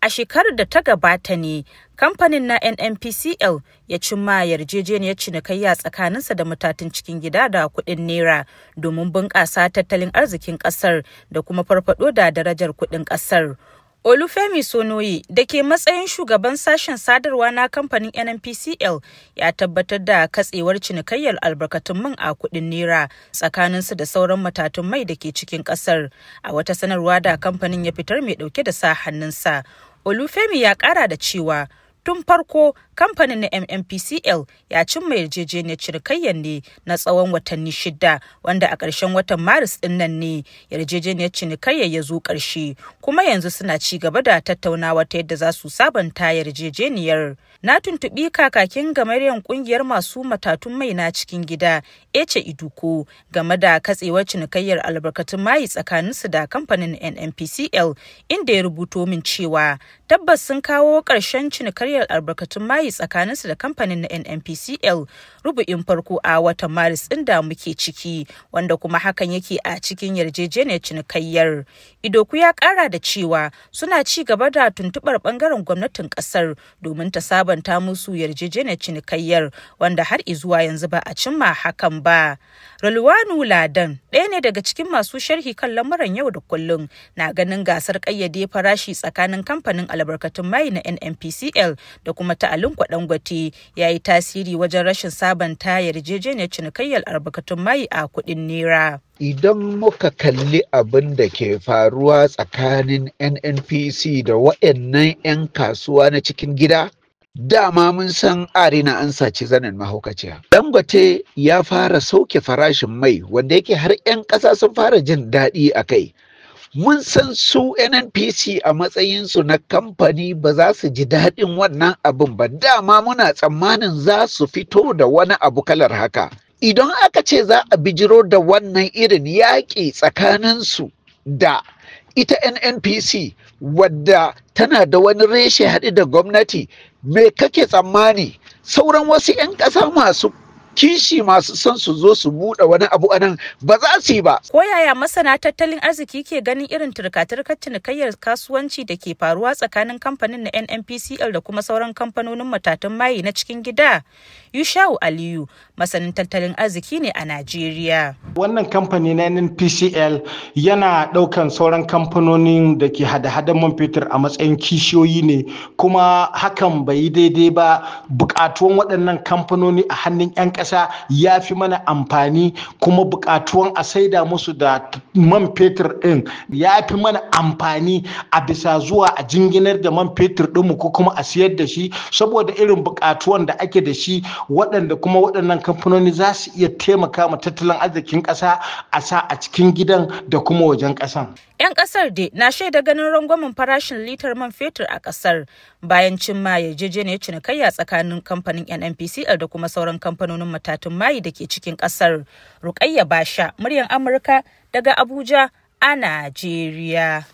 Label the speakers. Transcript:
Speaker 1: A shekarar da ta gabata ne kamfanin na NNPCL ya cimma yarjejeniyar cinikayya tsakaninsa da matatun cikin gida da kuɗin naira domin bunƙasa tattalin arzikin ƙasar da kuma farfaɗo da darajar kuɗin ƙasar. Olufemi Sonoyi da ke matsayin shugaban sashen sadarwa na kamfanin NNPCL ya tabbatar da katsewar cinikayyar albarkatun man a kudin naira tsakaninsu da sauran matatun mai da ke cikin kasar a wata sanarwa da kamfanin ya fitar mai dauke da sa hannunsa Olufemi ya kara da cewa tun farko kamfanin na mmpcl ya cimma yarjejeniyar cinikayyar ne na tsawon watanni shida wanda a ƙarshen watan maris din nan ne yarjejeniyar cinikayyar ya zo ƙarshe kuma yanzu suna ci gaba da tattaunawa ta yadda za su sabanta yarjejeniyar na tuntuɓi kakakin gamaryan ƙungiyar masu matatun mai na cikin gida ece iduko game da katsewar cinikayyar albarkatun mayi tsakaninsu da kamfanin nnpcl inda ya rubuto min cewa tabbas sun kawo ƙarshen cinikayyar sayar albarkatun mayi tsakaninsu da kamfanin na nnpcl rubu'in farko a watan maris ɗin da muke ciki wanda kuma hakan yake a cikin yarjejeniyar cinikayyar idoku ya kara da cewa suna ci gaba da tuntuɓar ɓangaren gwamnatin ƙasar domin ta sabanta musu yarjejeniyar cinikayyar wanda har izuwa yanzu ba a cimma hakan ba Rulwanu Ladan ɗaya ne daga cikin masu sharhi kan lamuran yau da kullum na ganin gasar ƙayyade farashi tsakanin kamfanin albarkatun mai na NNPCL da kuma ta Alinko Dangote ya yi tasiri wajen rashin sabon sabanta yarjejeniyar cinikayyar albarkatun mai a kuɗin nera. idan
Speaker 2: muka kalli abin da ke faruwa tsakanin nnpc da waɗannan 'yan kasuwa na cikin gida dama mun san arina an saci zanen mahaukaciya dangote ya fara sauke farashin mai wanda yake har 'yan ƙasa sun fara jin daɗi a kai mun san su nnpc a matsayinsu na kamfani ba za su ji daɗin wannan abin ba dama muna tsammanin za su fito da wani abu kalar haka idan aka ce za a bijiro da wannan irin yaƙi tsakaninsu da ita nnpc wadda tana da wani reshe haɗe da gwamnati me kake tsammani sauran wasu 'yan ƙasa masu kishi masu son su zo su buɗe wani abu anan ba za su yi ba.
Speaker 1: Ko yaya masana tattalin arziki ke ganin irin turka cinikayyar kasuwanci da ke faruwa tsakanin kamfanin na NNPCL da kuma sauran kamfanonin matatun mayi na cikin gida? Yushau Aliyu, masanin tattalin arziki ne a Najeriya.
Speaker 3: Wannan kamfani na NNPCL yana ɗaukan sauran kamfanonin da ke hada-hadan man fetur a matsayin kishiyoyi ne kuma hakan bai yi daidai ba bukatuwan waɗannan kamfanoni a hannun 'yan ƙasa ƙasa ya fi mana amfani kuma buƙatuwan a saida musu da man fetur ɗin ya fi mana amfani a bisa zuwa a jinginar da man fetur ɗinmu ko kuma a siyar da shi saboda irin buƙatuwan da ake da shi waɗanda kuma waɗannan kamfanoni za su iya taimaka ma tattalin arzikin ƙasa a sa a cikin gidan da kuma wajen ƙasan.
Speaker 1: 'Yan ƙasar de na shaida ganin rangwamen farashin litar man fetur a ƙasar bayan cimma yarjejeniyar cinikayya tsakanin kamfanin NNPCL da kuma sauran kamfanonin matatun mayi da ke cikin ƙasar. Rukayya Basha, muryar Amurka daga Abuja a Najeriya.